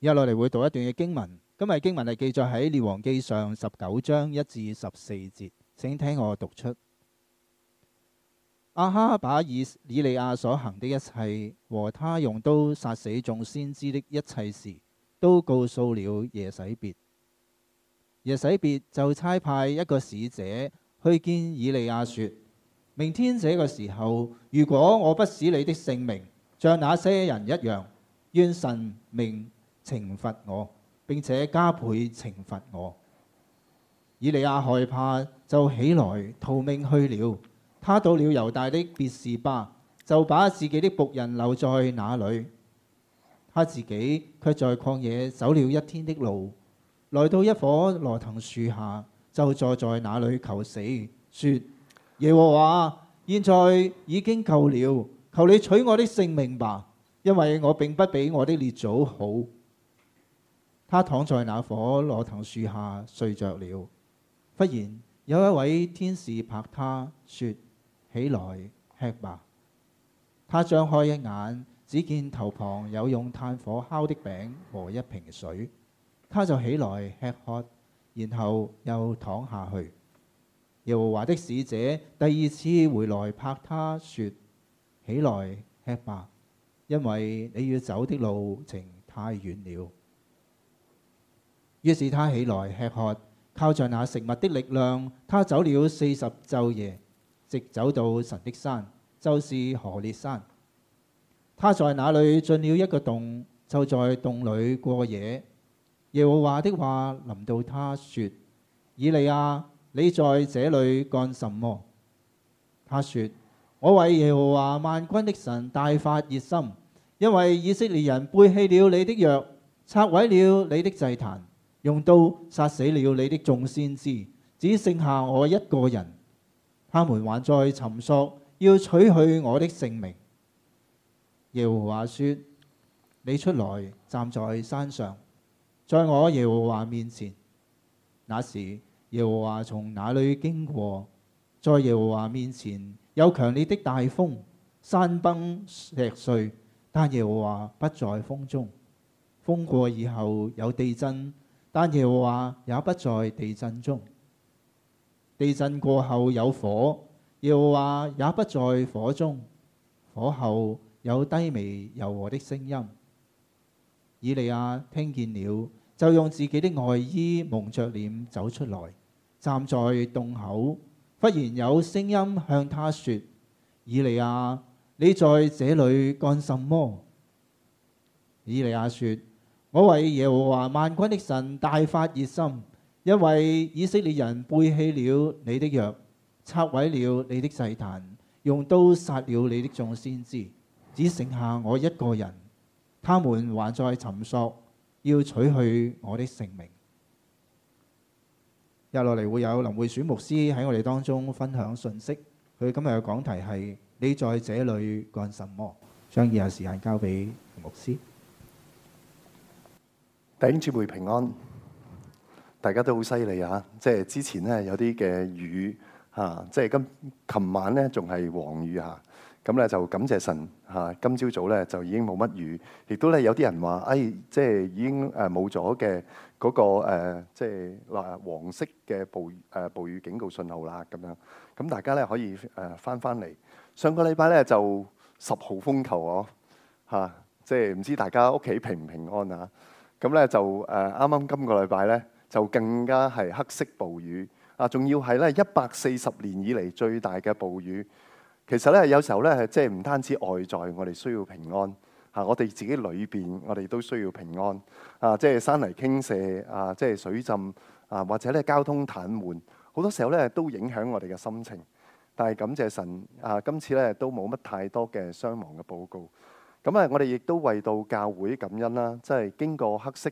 一落嚟會讀一段嘅經文，今日經文係記載喺《列王記》上十九章一至十四節，請聽我讀出。阿、啊、哈把以以利亞所行的一切和他用刀殺死眾先知的一切事，都告訴了耶洗別。耶洗別就差派一個使者去見以利亞，說，明天這個時候，如果我不使你的性命，像那些人一樣，願神明，懲罰我，並且加倍懲罰我。以利亞害怕，就起來逃命去了。他到了猶大的別是巴，就把自己的僕人留在那裡，他自己卻在曠野走了一天的路，來到一棵羅藤樹下，就坐在那裡求死，說：耶和華，現在已經夠了，求你取我的性命吧，因為我並不比我的列祖好。他躺在那棵羅騰樹下睡着了。忽然有一位天使拍他，說：起來吃吧。他張開一眼，只見頭旁有用炭火烤的餅和一瓶水。他就起來吃喝，然後又躺下去。耶和華的使者第二次回來拍他，說：起來吃吧，因爲你要走的路程太遠了。於是他起來吃喝，靠着那食物的力量，他走了四十晝夜，直走到神的山，就是何烈山。他在那裏進了一個洞，就在洞裏過夜。耶和華的話臨到他，說：以利亞，你在這裏幹什麼？他說：我為耶和華萬軍的神大發熱心，因為以色列人背棄了你的約，拆毀了你的祭壇。用刀殺死了你的眾先知，只剩下我一個人。他們還在尋索，要取去我的性命。耶和華說：你出來站在山上，在我耶和華面前。那時耶和華從那裏經過，在耶和華面前有強烈的大風，山崩石碎，但耶和華不在風中。風過以後有地震。但耶和華也不在地震中，地震過後有火，耶和華也不在火中，火後有低微柔和的聲音。以利亞聽見了，就用自己的外衣蒙着臉走出來，站在洞口。忽然有聲音向他說：以利亞，你在這裡幹什麼？以利亞說。我為耶和華萬軍的神大發熱心，因為以色列人背棄了你的約，拆毀了你的祭壇，用刀殺了你的眾先知，只剩下我一個人。他們還在尋索，要取去我的性命。又落嚟會有林會選牧師喺我哋當中分享信息，佢今日嘅講題係：你在這裏幹什麼？將以下時間交俾牧師。弟兄姊妹平安，大家都好犀利啊！即係之前咧有啲嘅雨嚇、啊，即係今琴晚咧仲係黃雨嚇，咁、啊、咧就感謝神嚇、啊。今朝早咧就已經冇乜雨，亦都咧有啲人話誒、哎，即係已經誒冇咗嘅嗰個誒、啊，即係黃色嘅暴誒暴雨警告信號啦。咁樣咁、啊、大家咧可以誒翻翻嚟。上個禮拜咧就十號風球哦嚇、啊啊，即係唔知大家屋企平唔平安啊？咁咧就誒，啱啱今個禮拜咧就更加係黑色暴雨啊！仲要係咧一百四十年以嚟最大嘅暴雨。其實咧有時候咧即係唔單止外在，我哋需要平安嚇，啊，我哋自己裏邊我哋都需要平安啊！即係山泥傾瀉啊，即係水浸啊，或者咧交通癱瘓，好多時候咧都影響我哋嘅心情。但係感謝神啊，今次咧都冇乜太多嘅傷亡嘅報告。咁啊！我哋亦都為到教會感恩啦，即係經過黑色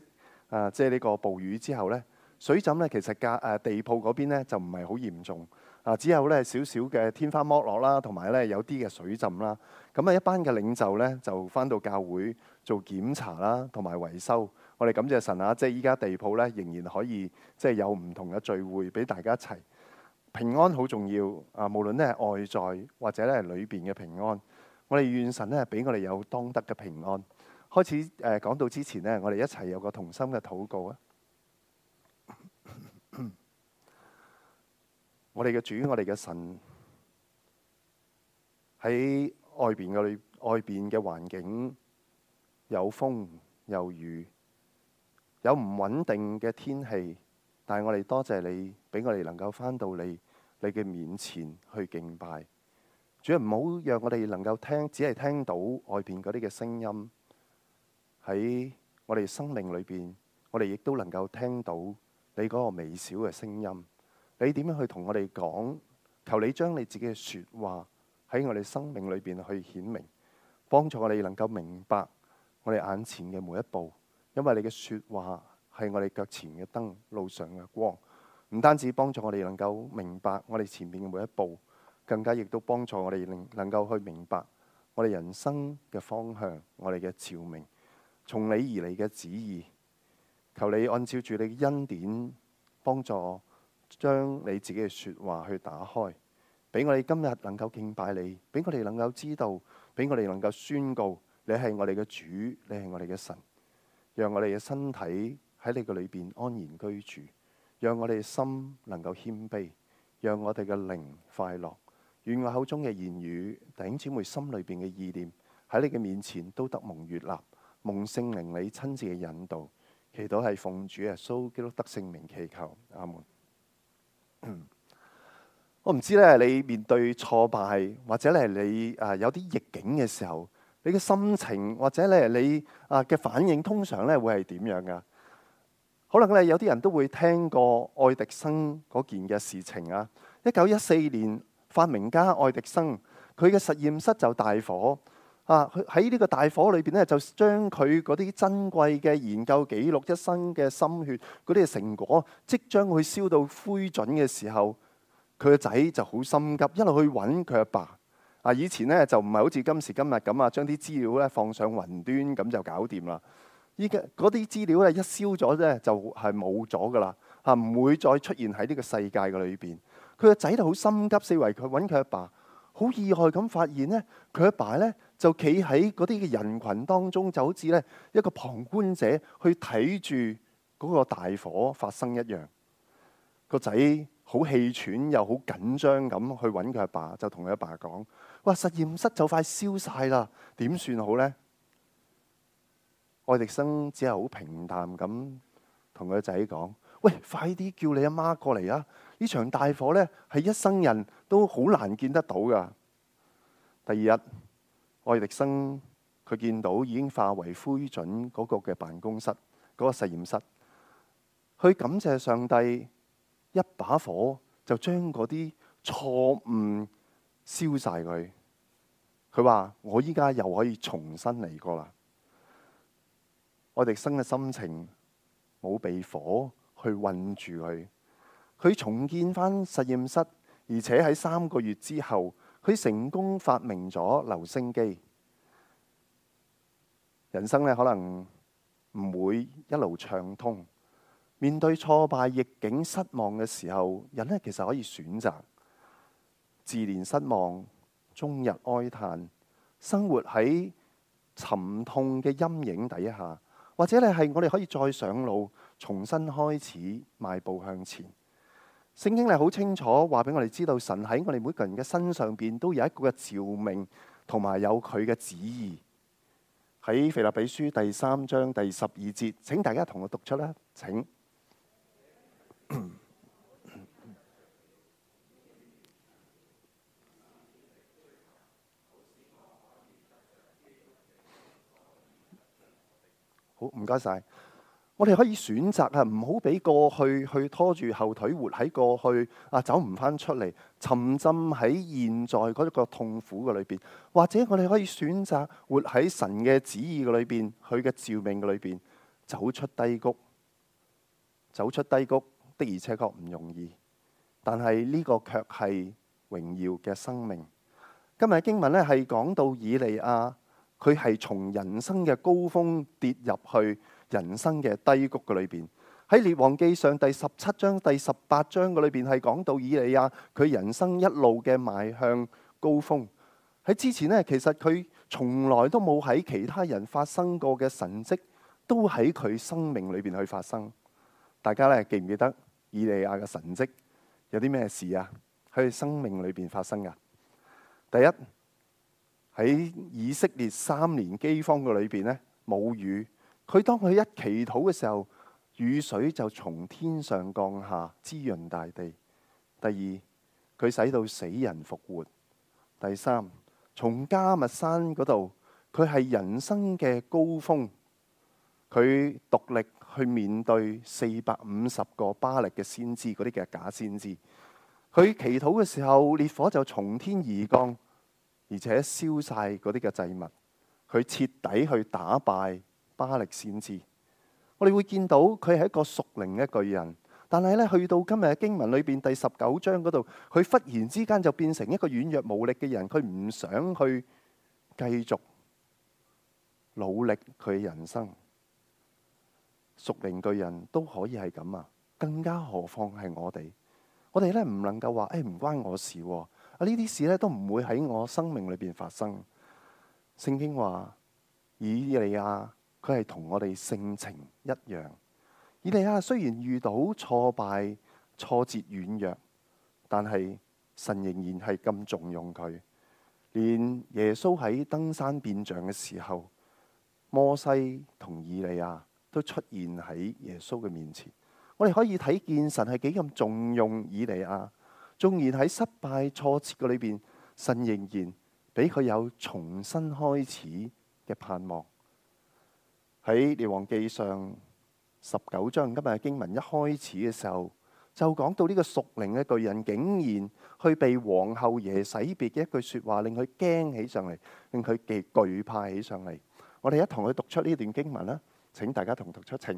啊，即係呢個暴雨之後咧，水浸咧其實隔、啊、地鋪嗰邊咧就唔係好嚴重啊，只有咧少少嘅天花剝落啦，同埋咧有啲嘅水浸啦。咁啊，一班嘅領袖咧就返到教會做檢查啦，同埋維修。我哋感謝神啊！即係依家地鋪咧仍然可以即係有唔同嘅聚會俾大家一齊。平安好重要啊！無論咧係外在或者咧係裏邊嘅平安。我哋願神咧俾我哋有當得嘅平安。開始誒、呃、講到之前咧，我哋一齊有個同心嘅禱告啊！ 我哋嘅主，我哋嘅神喺外邊嘅裏，外邊嘅環境有風有雨，有唔穩定嘅天氣，但係我哋多謝你，俾我哋能夠翻到你你嘅面前去敬拜。主啊，唔好讓我哋能夠聽，只係聽到外邊嗰啲嘅聲音。喺我哋生命裏邊，我哋亦都能夠聽到你嗰個微小嘅聲音。你點樣去同我哋講？求你將你自己嘅說話喺我哋生命裏邊去顯明，幫助我哋能夠明白我哋眼前嘅每一步。因為你嘅說話係我哋腳前嘅燈，路上嘅光。唔單止幫助我哋能夠明白我哋前面嘅每一步。更加亦都幫助我哋能能夠去明白我哋人生嘅方向，我哋嘅照明，從你而嚟嘅旨意。求你按照住你嘅恩典，幫助將你自己嘅説話去打開，俾我哋今日能夠敬拜你，俾我哋能夠知道，俾我哋能夠宣告你係我哋嘅主，你係我哋嘅神。讓我哋嘅身體喺你嘅裏邊安然居住，讓我哋嘅心能夠謙卑，讓我哋嘅靈快樂。願我口中嘅言語，頂姊妹心裏邊嘅意念，喺你嘅面前都得蒙悅納，蒙聖靈你親自嘅引導，祈禱係奉主耶穌基督得聖名祈求。阿門。我唔知咧，你面對挫敗或者咧你啊有啲逆境嘅時候，你嘅心情或者咧你啊嘅反應，通常咧會係點樣噶可能咧有啲人都會聽過愛迪生嗰件嘅事情啊，一九一四年。發明家愛迪生，佢嘅實驗室就大火啊！喺呢個大火裏邊咧，就將佢嗰啲珍貴嘅研究記錄、一生嘅心血、嗰啲成果，即將佢燒到灰燼嘅時候，佢個仔就好心急，一路去揾佢阿爸，爸。啊！以前咧就唔係好似今時今日咁啊，將啲資料咧放上雲端咁就搞掂啦。依家啲資料咧一燒咗咧就係冇咗噶啦，啊！唔會再出現喺呢個世界嘅裏邊。佢個仔就好心急，四圍佢揾佢阿爸，好意外咁發現咧，佢阿爸咧就企喺嗰啲嘅人群當中，就好似咧一個旁觀者去睇住嗰個大火發生一樣。個仔好氣喘又好緊張咁去揾佢阿爸，就同佢阿爸講：哇！實驗室就快燒晒啦，點算好咧？愛迪生只係好平淡咁同佢仔講：喂，快啲叫你阿媽過嚟啊！呢場大火咧，係一生人都好難見得到㗎。第二日，愛迪生佢見到已經化為灰燼嗰個嘅辦公室、嗰、嗰個實驗室，佢感謝上帝一把火就將嗰啲錯誤燒晒佢。佢話：我依家又可以重新嚟過啦！愛迪生嘅心情冇被火去困住佢。佢重建翻實驗室，而且喺三個月之後，佢成功發明咗留聲機。人生呢可能唔會一路暢通，面對挫敗、逆境、失望嘅時候，人呢其實可以選擇自憐、失望，終日哀嘆，生活喺沉痛嘅陰影底下，或者你係我哋可以再上路，重新開始，邁步向前。聖經嚟好清楚，話俾我哋知道，神喺我哋每個人嘅身上邊都有一個嘅召命，同埋有佢嘅旨意。喺腓立比書第三章第十二節，請大家同我讀出啦，請。好，唔該晒。我哋可以選擇啊，唔好俾過去去拖住後腿，活喺過去啊，走唔翻出嚟，沉浸喺現在嗰一個痛苦嘅裏邊，或者我哋可以選擇活喺神嘅旨意嘅裏邊，佢嘅召命嘅裏邊，走出低谷。走出低谷的而且確唔容易，但係呢個卻係榮耀嘅生命。今日嘅經文咧係講到以利亞，佢係從人生嘅高峰跌入去。人生嘅低谷嘅裏邊，喺《列王記》上第十七章、第十八章嘅裏邊係講到以利亞佢人生一路嘅邁向高峰。喺之前呢，其實佢從來都冇喺其他人發生過嘅神蹟，都喺佢生命裏邊去發生。大家呢，記唔記得以利亞嘅神蹟有啲咩事啊？喺佢生命裏邊發生㗎。第一，喺以色列三年饑荒嘅裏邊呢，冇雨。佢當佢一祈禱嘅時候，雨水就從天上降下，滋潤大地。第二，佢使到死人復活。第三，從迦密山嗰度，佢係人生嘅高峰。佢獨力去面對四百五十個巴力嘅先知，嗰啲嘅假先知。佢祈禱嘅時候，烈火就從天而降，而且燒晒嗰啲嘅祭物。佢徹底去打敗。巴力先知，我哋會見到佢係一個屬靈嘅巨人，但係咧去到今日嘅經文裏邊第十九章嗰度，佢忽然之間就變成一個軟弱無力嘅人，佢唔想去繼續努力佢人生。屬靈巨人都可以係咁啊，更加何況係我哋？我哋咧唔能夠話誒唔關我事啊，啊呢啲事咧都唔會喺我生命裏邊發生。聖經話以利亞。佢係同我哋性情一樣。以利亞雖然遇到挫敗、挫折、軟弱，但係神仍然係咁重用佢。連耶穌喺登山變像嘅時候，摩西同以利亞都出現喺耶穌嘅面前。我哋可以睇見神係幾咁重用以利亞，縱然喺失敗、挫折嘅裏邊，神仍然俾佢有重新開始嘅盼望。喺列王記上十九章，今日經文一開始嘅時候，就講到呢個屬靈嘅巨人，竟然去被王后耶洗別嘅一句説話，令佢驚起上嚟，令佢極懼怕起上嚟。我哋一同去讀出呢段經文啦！請大家同讀出請。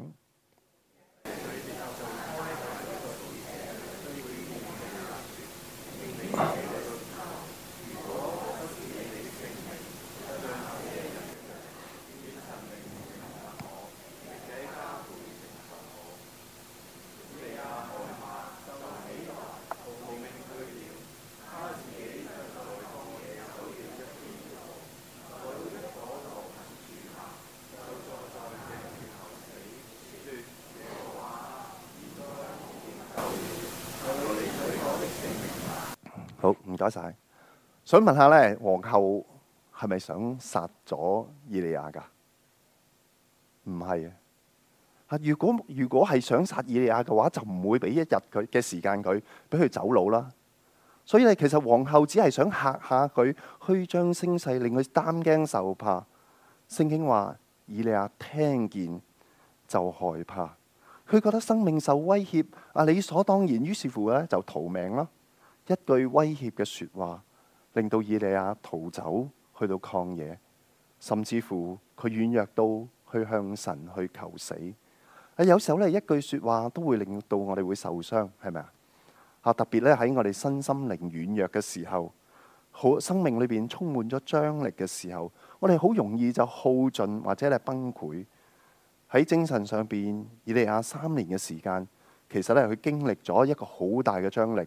晒想問下咧，皇后係咪想殺咗以利亞噶？唔係啊！如果如果係想殺以利亞嘅話，就唔會俾一日佢嘅時間佢，俾佢走佬啦。所以咧，其實皇后只係想吓下佢，虛張聲勢，令佢擔驚受怕。聖經話，以利亞聽見就害怕，佢覺得生命受威脅，啊理所當然，於是乎咧就逃命咯。一句威脅嘅說話，令到以利亞逃走去到曠野，甚至乎佢軟弱到去向神去求死。啊，有時候呢，一句說話都會令到我哋會受傷，係咪啊？特別呢，喺我哋身心靈軟弱嘅時候，好生命裏邊充滿咗張力嘅時候，我哋好容易就耗盡或者係崩潰喺精神上邊。以利亞三年嘅時間，其實呢，佢經歷咗一個好大嘅張力。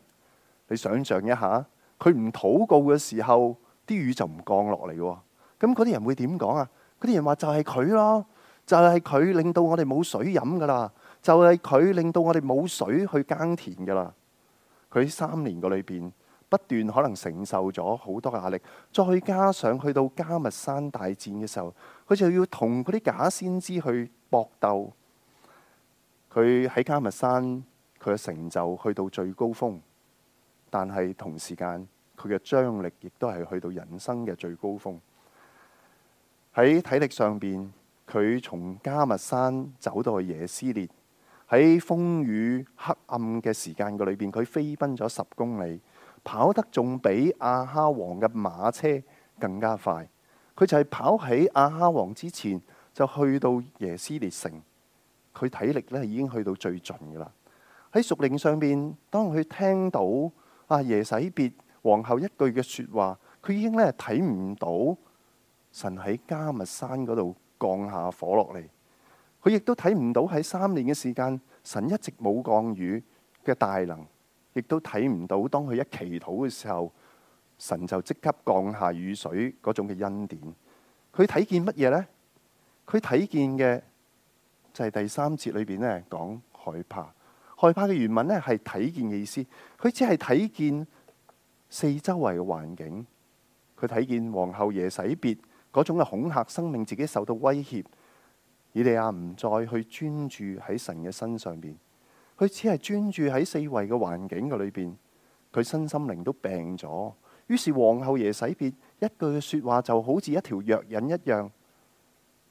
你想象一下，佢唔禱告嘅時候，啲雨就唔降落嚟。咁嗰啲人會點講啊？嗰啲人話就係佢咯，就係佢令到我哋冇水飲噶啦，就係佢令到我哋冇水去耕田噶啦。佢三年個裏邊不斷可能承受咗好多壓力，再加上去到加密山大戰嘅時候，佢就要同嗰啲假先知去搏鬥。佢喺加密山，佢嘅成就去到最高峰。但係同時間，佢嘅張力亦都係去到人生嘅最高峰。喺體力上邊，佢從迦密山走到去耶斯列，喺風雨黑暗嘅時間嘅裏邊，佢飛奔咗十公里，跑得仲比亞哈王嘅馬車更加快。佢就係跑喺亞哈王之前，就去到耶斯列城。佢體力呢已經去到最盡嘅啦。喺屬靈上邊，當佢聽到啊、啊、耶洗別皇后一句嘅說話，佢已經咧睇唔到神喺迦密山嗰度降下火落嚟，佢亦都睇唔到喺三年嘅時間，神一直冇降雨嘅大能，亦都睇唔到當佢一祈禱嘅時候，神就即刻降下雨水嗰種嘅恩典。佢睇見乜嘢呢？佢睇見嘅就係第三節裏邊呢講害怕。害怕嘅原文呢，係睇見嘅意思，佢只係睇見四周圍嘅環境。佢睇見皇后耶洗別嗰種嘅恐嚇，生命自己受到威脅。以利亞唔再去專注喺神嘅身上邊，佢只係專注喺四圍嘅環境嘅裏邊。佢身心靈都病咗，於是皇后耶洗別一句嘅說話就好似一條藥引一樣，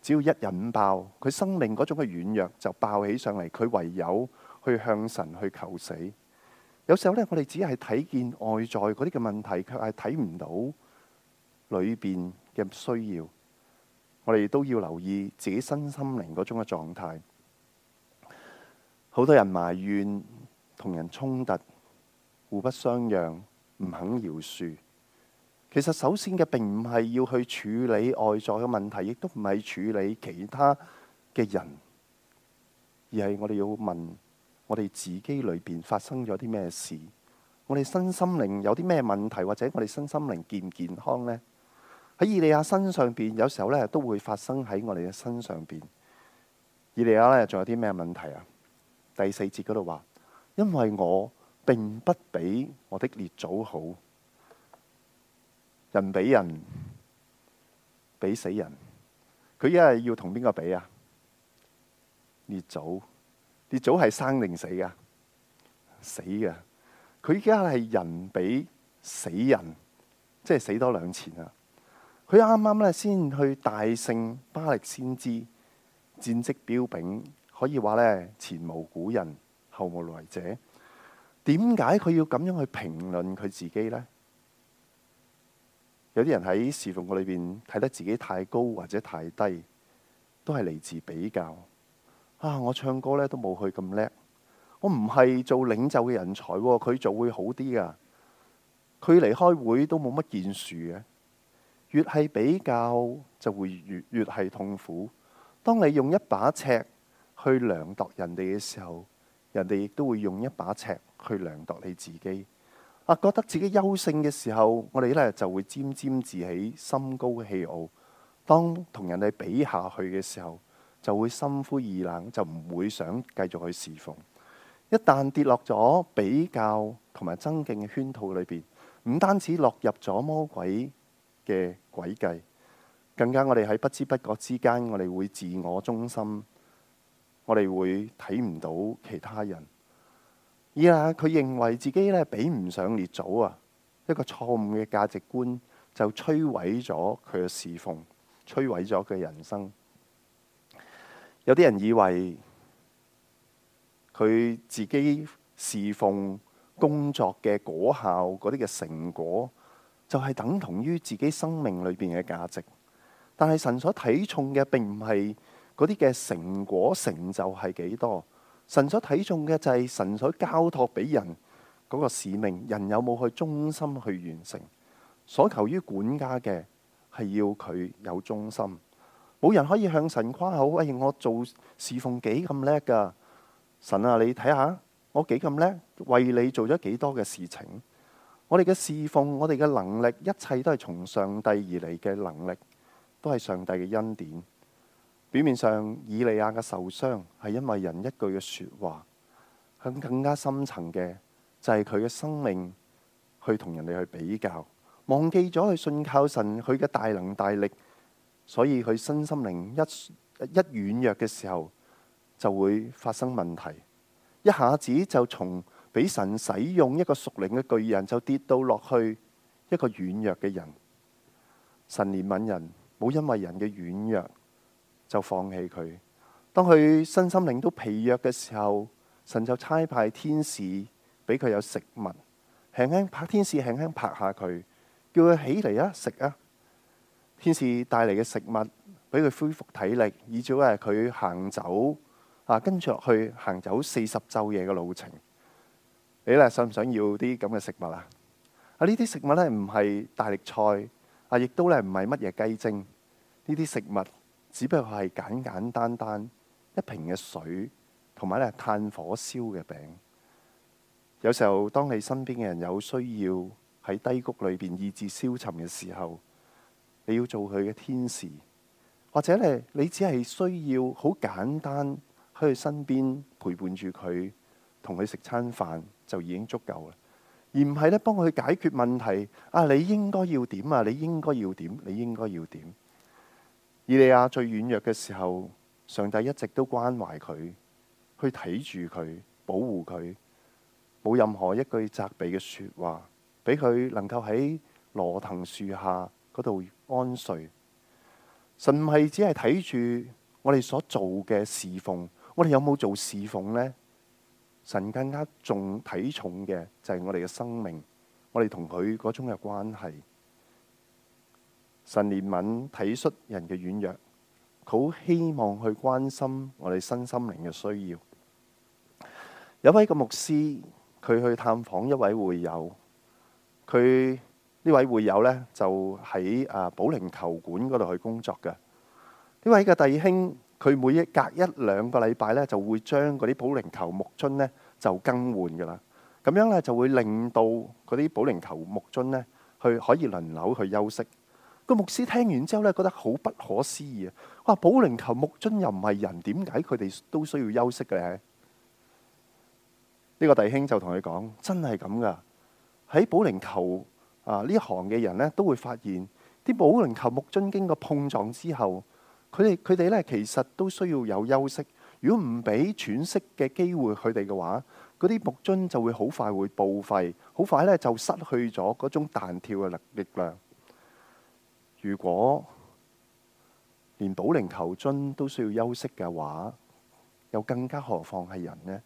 只要一引爆佢生命嗰種嘅軟弱就爆起上嚟。佢唯有。去向神去求死，有時候呢，我哋只係睇見外在嗰啲嘅問題，卻係睇唔到裏邊嘅需要。我哋都要留意自己身心靈嗰種嘅狀態。好多人埋怨同人衝突，互不相讓，唔肯饒恕。其實首先嘅並唔係要去處理外在嘅問題，亦都唔係處理其他嘅人，而係我哋要問。我哋自己裏邊發生咗啲咩事？我哋身心靈有啲咩問題，或者我哋身心靈健唔健康呢？喺以利亞身上邊，有時候咧都會發生喺我哋嘅身上邊。以利亞呢，仲有啲咩問題啊？第四節嗰度話，因為我並不比我的列祖好，人比人，比死人。佢一係要同邊個比啊？列祖。你早係生定死噶，死噶。佢依家係人比死人，即係死多兩錢啊！佢啱啱咧先去大勝巴力先知，戰績彪炳，可以話咧前無古人後無來者。點解佢要咁樣去評論佢自己呢？有啲人喺侍奉嗰裏邊睇得自己太高或者太低，都係嚟自比較。啊！我唱歌咧都冇佢咁叻，我唔係做領袖嘅人才，佢、哦、做會好啲噶。佢嚟開會都冇乜建樹嘅，越係比較就會越越係痛苦。當你用一把尺去量度人哋嘅時候，人哋亦都會用一把尺去量度你自己。啊，覺得自己優勝嘅時候，我哋呢就會沾沾自喜，心高氣傲。當同人哋比下去嘅時候，就會心灰意冷，就唔會想繼續去侍奉。一旦跌落咗比較同埋爭競嘅圈套裏邊，唔單止落入咗魔鬼嘅詭計，更加我哋喺不知不覺之間，我哋會自我中心，我哋會睇唔到其他人。而啊，佢認為自己咧比唔上列祖啊，一個錯誤嘅價值觀就摧毀咗佢嘅侍奉，摧毀咗佢嘅人生。有啲人以為佢自己侍奉工作嘅果效，嗰啲嘅成果就係等同於自己生命裏邊嘅價值。但係神所睇重嘅並唔係嗰啲嘅成果成就係幾多，神所睇重嘅就係神所交託俾人嗰個使命，人有冇去忠心去完成？所求於管家嘅係要佢有忠心。冇人可以向神誇口，喂，我做侍奉幾咁叻㗎！神啊，你睇下我幾咁叻，為你做咗幾多嘅事情。我哋嘅侍奉，我哋嘅能力，一切都係從上帝而嚟嘅能力，都係上帝嘅恩典。表面上，以利亞嘅受傷係因為人一句嘅說話，響更加深層嘅就係佢嘅生命去同人哋去比較，忘記咗去信靠神佢嘅大能大力。所以佢身心靈一一軟弱嘅時候，就會發生問題。一下子就從俾神使用一個屬靈嘅巨人，就跌到落去一個軟弱嘅人。神憐憫人，冇因為人嘅軟弱就放棄佢。當佢身心靈都疲弱嘅時候，神就差派天使俾佢有食物，輕輕拍天使輕輕拍下佢，叫佢起嚟啊，食啊。天使帶嚟嘅食物，俾佢恢復體力，以至佢行走，走啊，跟住去行走四十晝夜嘅路程。你咧，想唔想要啲咁嘅食物啊？啊，呢啲食物呢，唔係大力菜啊，亦都唔係乜嘢雞精。呢啲食物只不過係簡簡單單，單一瓶嘅水，同埋咧炭火燒嘅餅。有時候當你身邊嘅人有需要喺低谷裏邊意志消沉嘅時候，你要做佢嘅天使，或者咧，你只係需要好簡單喺佢身邊陪伴住佢，同佢食餐飯就已經足夠啦。而唔係咧，幫佢解決問題。啊，你應該要點啊，你應該要點，你應該要點。以利亞最軟弱嘅時候，上帝一直都關懷佢，去睇住佢，保護佢，冇任何一句責備嘅說話，俾佢能夠喺羅藤樹下嗰度。安睡，神係只係睇住我哋所做嘅侍奉，我哋有冇做侍奉呢？神更加重睇重嘅就係我哋嘅生命，我哋同佢嗰種嘅關係。神憐憫體恤人嘅軟弱，佢好希望去關心我哋身心靈嘅需要。有位個牧師，佢去探訪一位會友，佢。呢位會友呢就喺啊保齡球館嗰度去工作嘅。呢位嘅弟兄，佢每一隔一兩個禮拜呢就會將嗰啲保齡球木樽呢就更換噶啦。咁樣呢就會令到嗰啲保齡球木樽呢去可以輪流去休息。個牧師聽完之後呢覺得好不可思議啊！哇，保齡球木樽又唔係人，點解佢哋都需要休息嘅呢？呢個弟兄就同佢講：真係咁噶，喺保齡球。啊！呢行嘅人呢，都會發現啲保齡球木樽經過碰撞之後，佢哋佢哋呢，其實都需要有休息。如果唔俾喘息嘅機會，佢哋嘅話，嗰啲木樽就會好快會報廢，好快呢就失去咗嗰種彈跳嘅力力量。如果連保齡球樽都需要休息嘅話，又更加何況係人呢？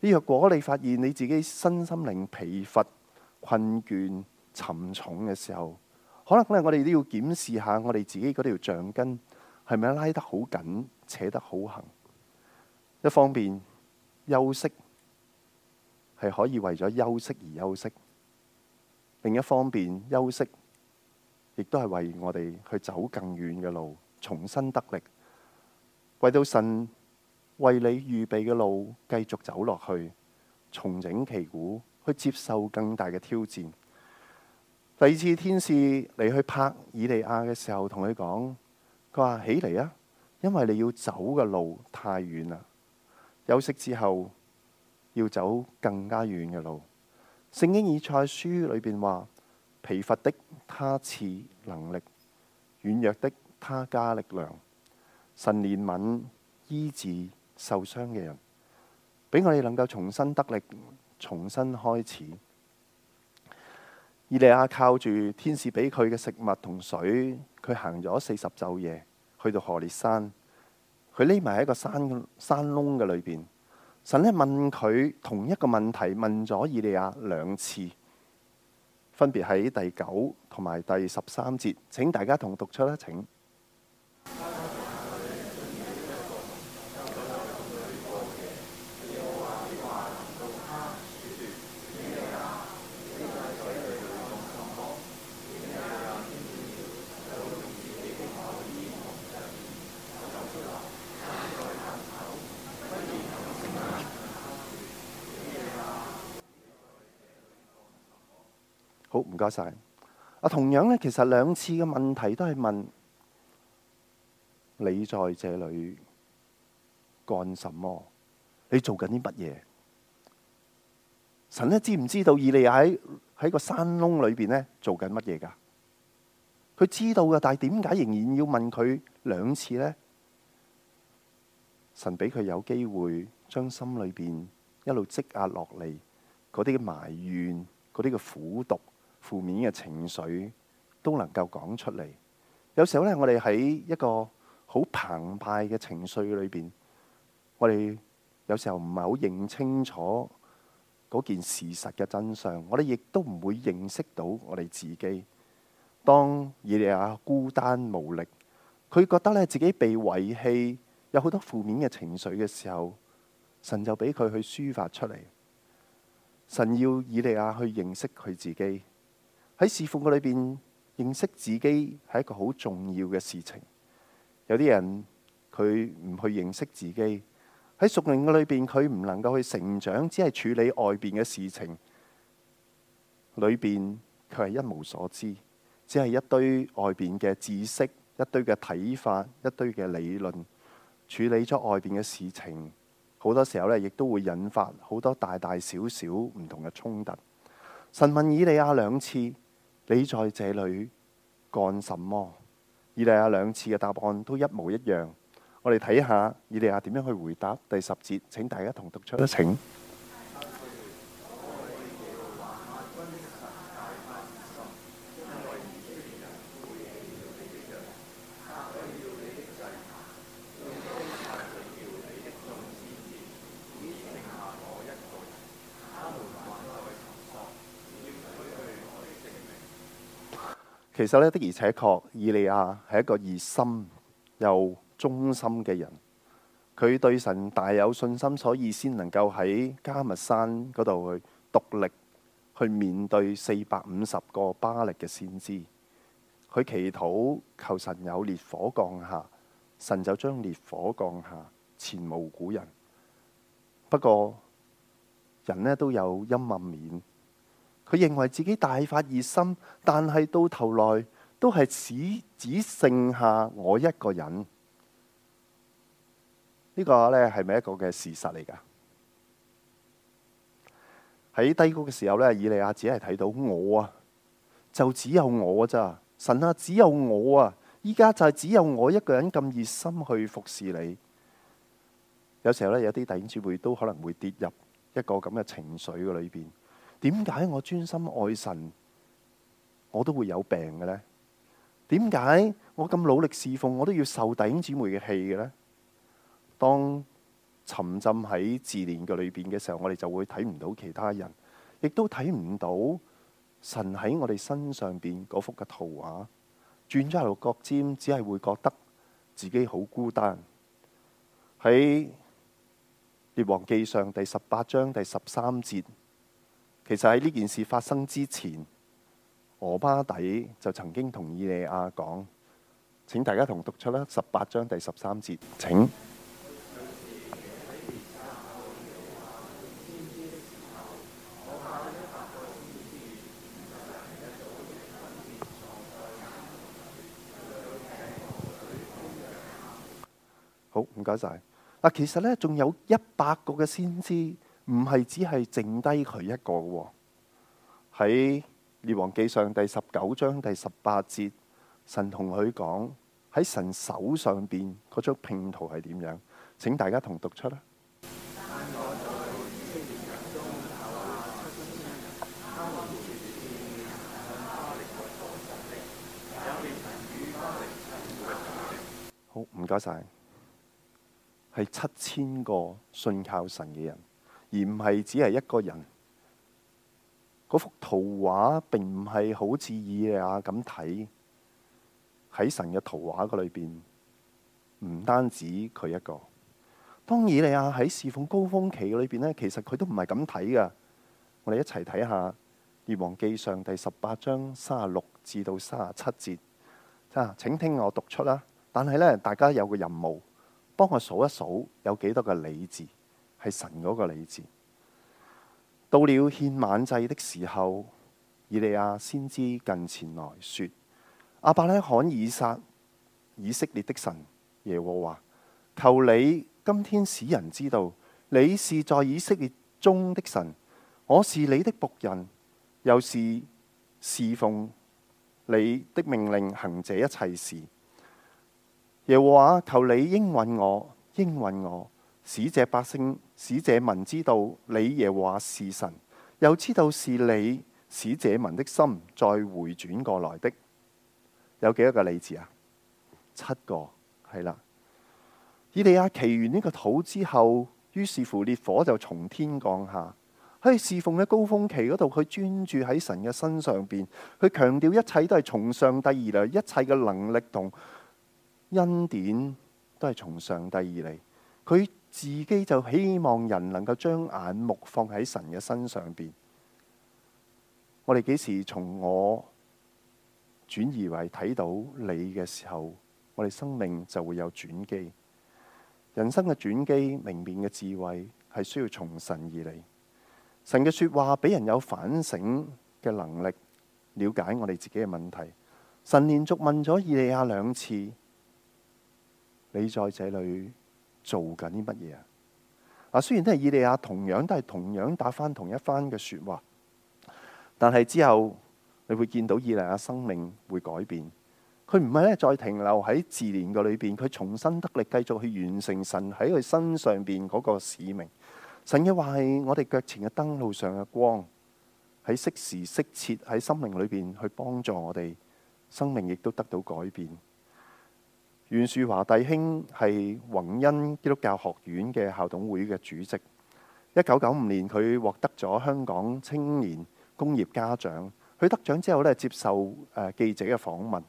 你若果你發現你自己身心靈疲乏困倦，沉重嘅時候，可能咧，我哋都要檢視下我哋自己嗰條橡筋係咪拉得好緊，扯得好行。一方面休息係可以為咗休息而休息，另一方面休息亦都係為我哋去走更遠嘅路，重新得力，為到神為你預備嘅路繼續走落去，重整旗鼓，去接受更大嘅挑戰。第二次天使嚟，去拍以利亞嘅時候，同佢講：佢話起嚟啊，因為你要走嘅路太遠啦。休息之後，要走更加遠嘅路。聖經以賽書裏邊話：疲乏的他賜能力，軟弱的他加力量。神憐憫醫治受傷嘅人，俾我哋能夠重新得力，重新開始。以利亞靠住天使俾佢嘅食物同水，佢行咗四十晝夜，去到何烈山。佢匿埋喺一個山山窿嘅裏邊。神咧問佢同一個問題，問咗以利亞兩次，分別喺第九同埋第十三節。請大家同我讀出啦，請。加晒啊！同樣咧，其實兩次嘅問題都係問，你在這裏幹什麼？你做緊啲乜嘢？神咧知唔知道？以利亞喺喺個山窿裏邊咧做緊乜嘢？噶佢知道噶，但係點解仍然要問佢兩次呢？神俾佢有機會將心裏邊一路積壓落嚟嗰啲嘅埋怨、嗰啲嘅苦毒。負面嘅情緒都能夠講出嚟。有時候呢，我哋喺一個好澎湃嘅情緒裏邊，我哋有時候唔係好認清楚嗰件事實嘅真相。我哋亦都唔會認識到我哋自己。當以利亞孤單無力，佢覺得呢自己被遺棄，有好多負面嘅情緒嘅時候，神就俾佢去抒發出嚟。神要以利亞去認識佢自己。喺侍奉嘅裏邊，認識自己係一個好重要嘅事情。有啲人佢唔去認識自己，喺屬靈嘅裏邊，佢唔能夠去成長，只係處理外邊嘅事情。裏邊佢係一無所知，只係一堆外邊嘅知識、一堆嘅睇法、一堆嘅理論，處理咗外邊嘅事情，好多時候呢，亦都會引發好多大大小小唔同嘅衝突。神問以利亞兩次。你在這裏幹什麼？以利亞兩次嘅答案都一模一樣。我哋睇下以利亞點樣去回答。第十節，請大家同讀出來，請。其實呢，的而且確，以利亞係一個熱心又忠心嘅人。佢對神大有信心，所以先能夠喺迦密山嗰度去獨力，去面對四百五十個巴力嘅先知。佢祈禱求，求神有烈火降下，神就將烈火降下，前無古人。不過，人呢都有陰暗面。佢認為自己大發熱心，但係到頭來都係只只剩下我一個人。呢、呢個呢係咪一個嘅事實嚟㗎？喺低谷嘅時候呢，以利亞只係睇到我啊，就只有我咋？神啊，只有我啊！依家就係只有我一個人咁熱心去服侍你。有時候呢，有啲弟兄姊妹都可能會跌入一個咁嘅情緒嘅裏邊。點解我專心愛神，我都會有病嘅呢？點解我咁努力侍奉，我都要受弟兄姊妹嘅氣嘅呢？當沉浸喺自憐嘅裏邊嘅時候，我哋就會睇唔到其他人，亦都睇唔到神喺我哋身上邊嗰幅嘅圖畫。轉咗喺頭角尖，只係會覺得自己好孤單。喺《列王記上》第十八章第十三節。其實喺呢件事發生之前，俄巴底就曾經同以利亞講：請大家同我讀出啦，十八章第十三節。請 好，唔該晒。嗱，其實呢，仲有一百個嘅先知。唔係只係剩低佢一個嘅喎。喺《列王記上》第十九章第十八節，神同佢講：喺神手上邊嗰張拼圖係點樣？請大家同讀出啦。 好，唔該晒。係七千個信靠神嘅人。而唔係只係一個人，嗰幅圖畫並唔係好似以利亞咁睇，喺神嘅圖畫個裏邊，唔單止佢一個。當以利亞喺侍奉高峰期嘅裏邊咧，其實佢都唔係咁睇噶。我哋一齊睇下《列王記上》第十八章三十六至到三十七節。啊，請聽我讀出啦。但係呢，大家有個任務，幫我數一數有幾多個李字。係神嗰個理智，到了獻晚祭的時候，以利亞先知近前來說：亞伯拉罕、以撒，以色列的神耶和華，求你今天使人知道，你是在以色列中的神，我是你的僕人，又是侍奉你的命令行這一切事。耶和華，求你應允我，應允我。使者百姓，使者民知道，你耶話是神，又知道是你使者民的心再回轉過來的，有幾多個例子啊？七個係啦。以利亞祈完呢個土之後，於是乎烈火就從天降下。喺侍奉嘅高峰期嗰度，佢專注喺神嘅身上邊，佢強調一切都係從上帝而來，一切嘅能力同恩典都係從上帝而嚟，佢。自己就希望人能夠將眼目放喺神嘅身上邊。我哋幾時從我轉移為睇到你嘅時候，我哋生命就會有轉機。人生嘅轉機，明辨嘅智慧，係需要從神而嚟。神嘅說話俾人有反省嘅能力，了解我哋自己嘅問題。神連續問咗以利亞兩次，你在這裏？做緊啲乜嘢啊？雖然都係以利亞同樣都係同樣打翻同一番嘅說話，但係之後你會見到以利亞生命會改變。佢唔係咧再停留喺自憐嘅裏邊，佢重新得力，繼續去完成神喺佢身上邊嗰個使命。神嘅話係我哋腳前嘅燈，路上嘅光，喺適時適切喺生命裏邊去幫助我哋，生命亦都得到改變。袁樹華弟兄係宏恩基督教學院嘅校董會嘅主席。一九九五年佢獲得咗香港青年工業家獎。佢得獎之後呢，接受誒記者嘅訪問，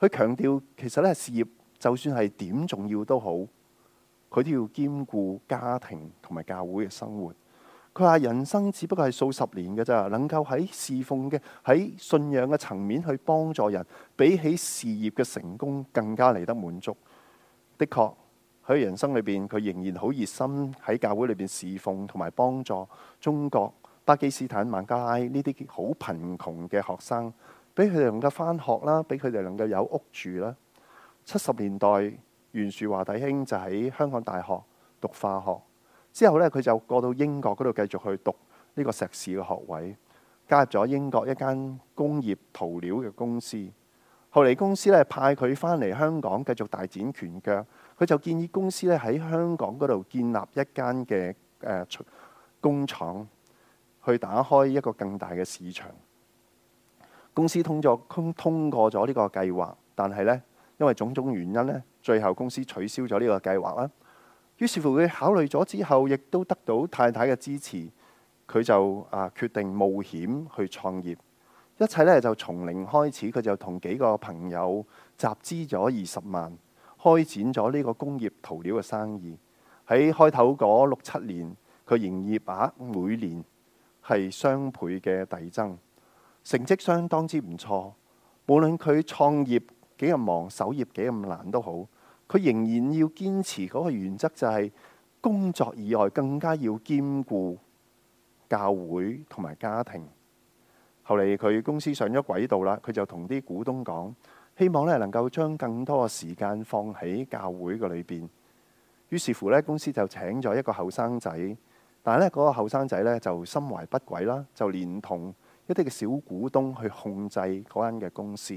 佢強調其實呢，事業就算係點重要都好，佢都要兼顧家庭同埋教會嘅生活。佢話：人生只不過係數十年嘅咋，能夠喺侍奉嘅喺信仰嘅層面去幫助人，比起事業嘅成功更加嚟得滿足。的確喺人生裏邊，佢仍然好熱心喺教會裏邊侍奉同埋幫助中國、巴基斯坦、孟加拉呢啲好貧窮嘅學生，俾佢哋能夠返學啦，俾佢哋能夠有屋住啦。七十年代，袁樹華弟兄就喺香港大學讀化學。之後咧，佢就過到英國嗰度繼續去讀呢個碩士嘅學位，加入咗英國一間工業塗料嘅公司。後嚟公司咧派佢返嚟香港繼續大展拳腳，佢就建議公司咧喺香港嗰度建立一間嘅誒、呃、工廠，去打開一個更大嘅市場。公司通，通過，通過咗呢個計劃，但係咧因為種種原因咧，最後公司取消咗呢個計劃啦。於是乎佢考慮咗之後，亦都得到太太嘅支持，佢就啊決定冒險去創業。一切咧就從零開始，佢就同幾個朋友集資咗二十萬，開展咗呢個工業塗料嘅生意。喺開頭嗰六七年，佢營業額每年係雙倍嘅遞增，成績相當之唔錯。無論佢創業幾咁忙，守業幾咁難都好。佢仍然要堅持嗰個原則，就係工作以外更加要兼顧教會同埋家庭。後嚟佢公司上咗軌道啦，佢就同啲股東講，希望咧能夠將更多嘅時間放喺教會嘅裏邊。於是乎呢，公司就請咗一個後生仔，但係呢，嗰個後生仔呢，就心懷不軌啦，就連同一啲嘅小股東去控制嗰間嘅公司。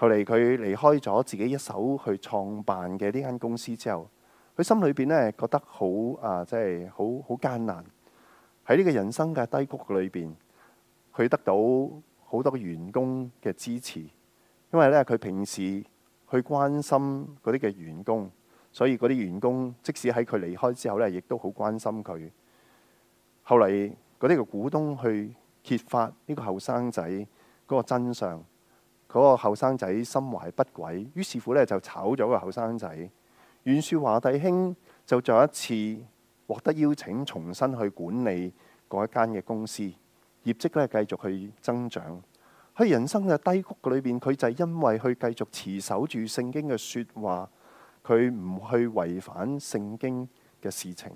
後嚟佢離開咗自己一手去創辦嘅呢間公司之後，佢心裏邊呢，覺得好啊，即係好好艱難。喺呢個人生嘅低谷裏邊，佢得到好多員工嘅支持，因為呢，佢平時去關心嗰啲嘅員工，所以嗰啲員工即使喺佢離開之後呢，亦都好關心佢。後嚟嗰啲個股東去揭發呢個後生仔嗰個真相。嗰個後生仔心懷不軌，於是乎呢，就炒咗個後生仔。袁樹華弟兄就再一次獲得邀請，重新去管理嗰一間嘅公司。業績呢，繼續去增長。喺人生嘅低谷裏邊，佢就因為去繼續持守住聖經嘅説話，佢唔去違反聖經嘅事情，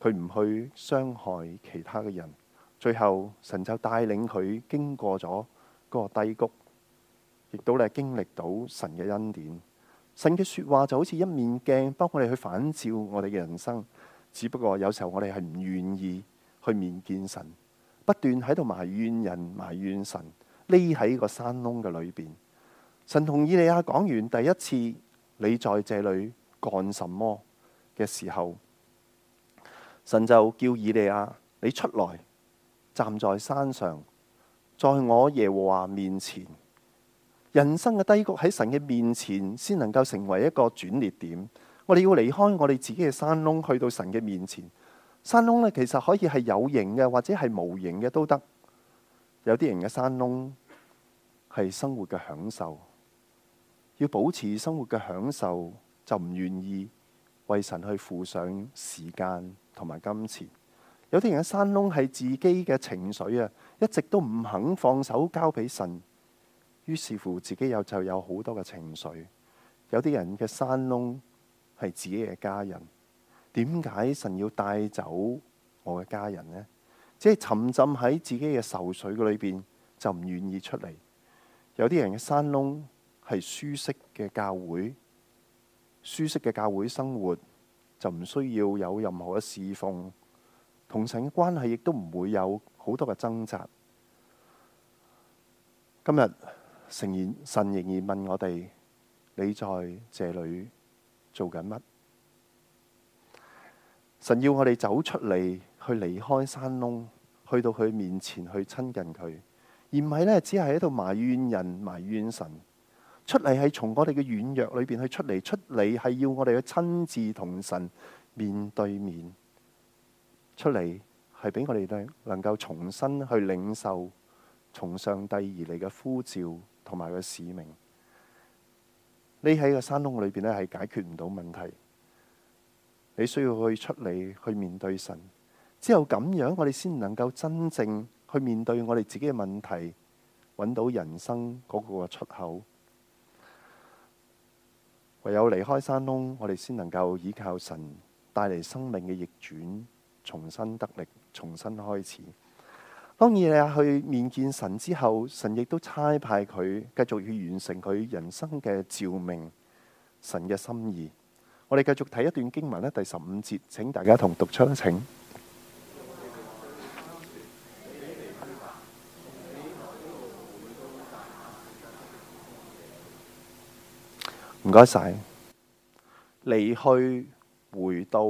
佢唔去傷害其他嘅人，最後神就帶領佢經過咗。個低谷，亦都咧經歷到神嘅恩典。神嘅說話就好似一面鏡，幫我哋去反照我哋嘅人生。只不過有時候我哋係唔願意去面見神，不斷喺度埋怨人、埋怨神，匿喺個山窿嘅裏邊。神同以利亞講完第一次你在這裡幹什麼嘅時候，神就叫以利亞你出來，站在山上。在我耶和華面前，人生嘅低谷喺神嘅面前先能夠成為一個轉捩點。我哋要離開我哋自己嘅山窿，去到神嘅面前。山窿呢，其實可以係有形嘅，或者係無形嘅都得。有啲人嘅山窿係生活嘅享受，要保持生活嘅享受就唔願意為神去付上時間同埋金錢。有啲人嘅山窿係自己嘅情緒啊，一直都唔肯放手交俾神，於是乎自己有就有好多嘅情緒。有啲人嘅山窿係自己嘅家人，點解神要帶走我嘅家人呢？只係沉浸喺自己嘅愁緒嘅裏邊，就唔願意出嚟。有啲人嘅山窿係舒適嘅教會，舒適嘅教會生活就唔需要有任何嘅侍奉。同神嘅關係亦都唔會有好多嘅掙扎。今日誠然神仍然問我哋：你在這裏做緊乜？神要我哋走出嚟，去離開山窿，去到佢面前去親近佢，而唔係呢，只係喺度埋怨人、埋怨神。出嚟係從我哋嘅軟弱裏面去出嚟，出嚟係要我哋去親自同神面對面。出嚟係俾我哋能能夠重新去領受從上帝而嚟嘅呼召同埋嘅使命。匿喺個山窿裏邊咧係解決唔到問題，你需要去出嚟去面對神。只有咁樣，我哋先能夠真正去面對我哋自己嘅問題，揾到人生嗰個出口。唯有離開山窿，我哋先能夠依靠神帶嚟生命嘅逆轉。重新得力，重新開始。當然啊，去面見神之後，神亦都差派佢繼續去完成佢人生嘅召命，神嘅心意。我哋繼續睇一段經文咧，第十五節，請大家同讀出啦，請。唔該晒，離去，回到。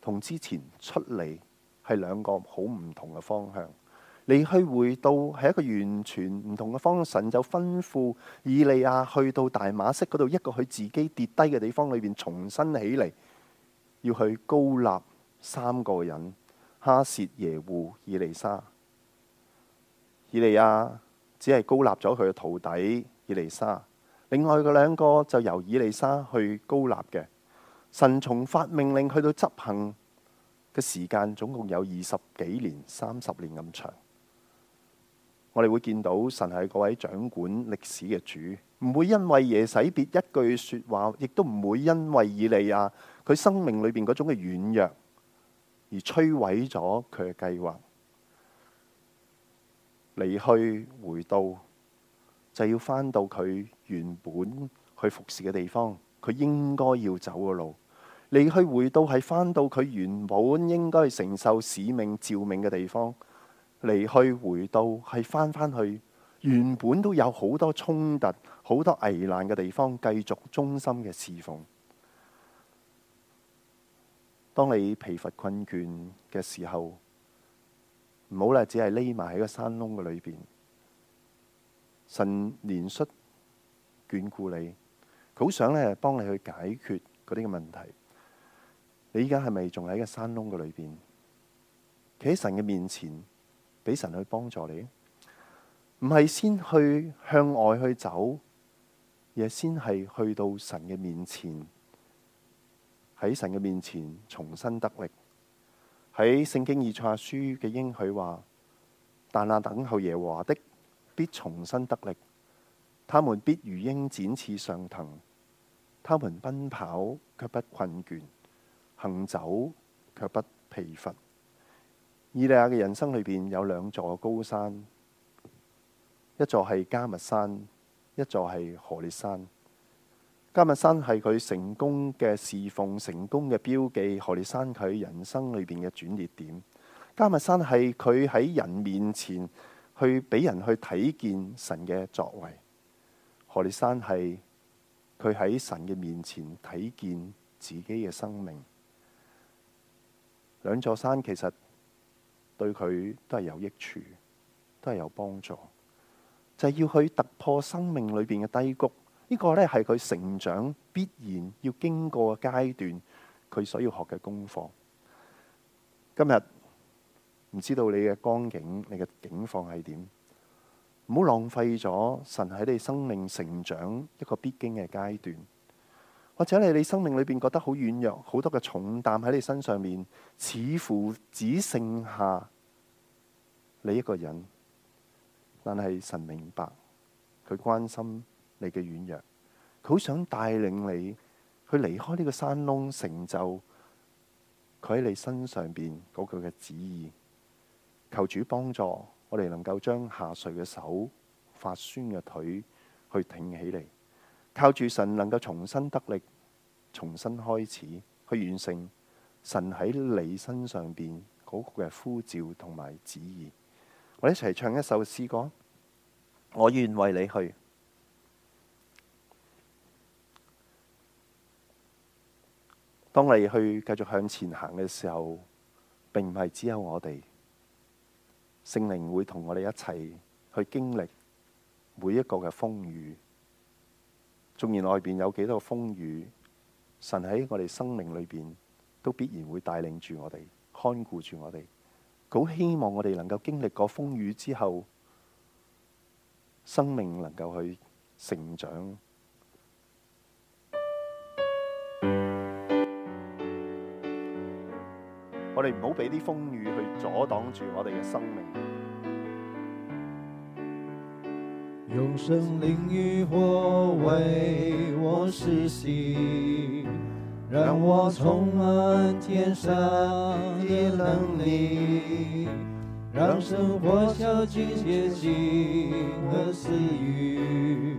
同之前出嚟係兩個好唔同嘅方向，你去回到係一個完全唔同嘅方。神就吩咐以利亞去到大馬色嗰度一個佢自己跌低嘅地方裏邊重新起嚟，要去高立三個人，哈薛、耶戶、以利沙。以利亞只係高立咗佢嘅徒弟以利沙，另外嗰兩個就由以利沙去高立嘅。神從發命令去到執行嘅時間，總共有二十幾年，三十年咁長。我哋會見到神係嗰位掌管歷史嘅主，唔會因為耶洗別一句說話，亦都唔會因為以利亞佢生命裏邊嗰種嘅軟弱，而摧毀咗佢嘅計劃。離去回到，就要返到佢原本去服侍嘅地方。佢應該要走嘅路，你去回到係返到佢原本應該承受使命召命嘅地方，嚟去回到係返返去原本都有好多衝突、好多危難嘅地方，繼續忠心嘅侍奉。當你疲乏困倦嘅時候，唔好咧，只係匿埋喺個山窿嘅裏邊。神憐恤眷顧你。好想咧，幫你去解決嗰啲嘅問題。你依家係咪仲喺個山窿嘅裏邊？企喺神嘅面前，俾神去幫助你，唔係先去向外去走，而係先係去到神嘅面前，喺神嘅面前重新得力。喺《聖經以賽亞書》嘅應許話：但那等候耶和華的，必重新得力，他們必如鷹展翅上騰。他們奔跑卻不困倦，行走卻不疲乏。以利亞嘅人生裏邊有兩座高山，一座係迦密山，一座係何烈山。迦密山係佢成功嘅侍奉成功嘅標記，何烈山佢人生裏邊嘅轉捩點。迦密山係佢喺人面前去俾人去睇見神嘅作為，何烈山係。佢喺神嘅面前睇見自己嘅生命，兩座山其實對佢都係有益處，都係有幫助，就係要去突破生命裏邊嘅低谷。呢個呢係佢成長必然要經過嘅階段，佢所要學嘅功課。今日唔知道你嘅光景，你嘅境況係點？唔好浪費咗神喺你生命成長一個必經嘅階段，或者係你生命裏邊覺得好軟弱，好多嘅重擔喺你身上面，似乎只剩下你一個人。但係神明白，佢關心你嘅軟弱，佢好想帶領你去離開呢個山窿，成就佢喺你身上邊嗰句嘅旨意。求主幫助。我哋能夠將下垂嘅手、發酸嘅腿去挺起嚟，靠住神能夠重新得力、重新開始去完成神喺你身上邊嗰個嘅呼召同埋旨意。我哋一齊唱一首詩歌：我願為你去。當你去繼續向前行嘅時候，並唔係只有我哋。聖靈會同我哋一齊去經歷每一個嘅風雨，縱然外邊有幾多個風雨，神喺我哋生命裏邊都必然會帶領住我哋，看顧住我哋。好希望我哋能夠經歷過風雨之後，生命能夠去成長。我哋唔好俾啲風雨去阻擋住我哋嘅生命。用聖靈與火為我施洗，讓我充滿天上嘅能力，讓生活消去艱辛和私欲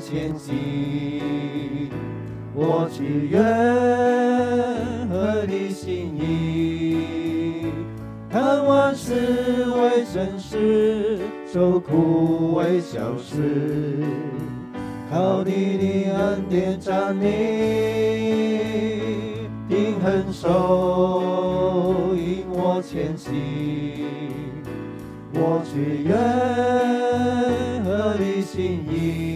前行，我只願合你心意，看萬事為真事，受苦為小事，靠你的恩典站立，平衡手引我前行，我只願合你心意。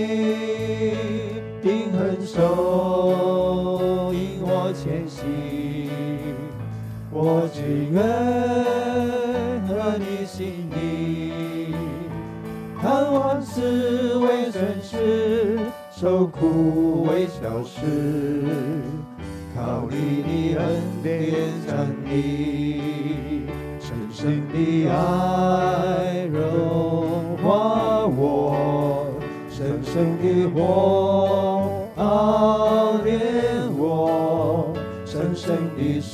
手引我前行，我只願和你心意。盼望是為真實，受苦為小事。靠你的恩典站立， 深深的愛融化我，深深的火。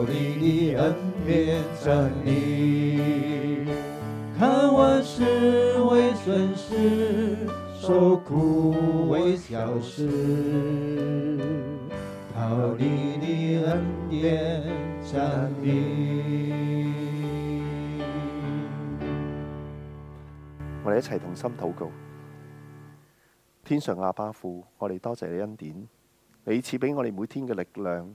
靠你的恩典站立，看萬事為損失，受苦為小事，我哋一齊同心禱告。天上阿巴父，我哋多謝你恩典，你賜俾我哋每天嘅力量。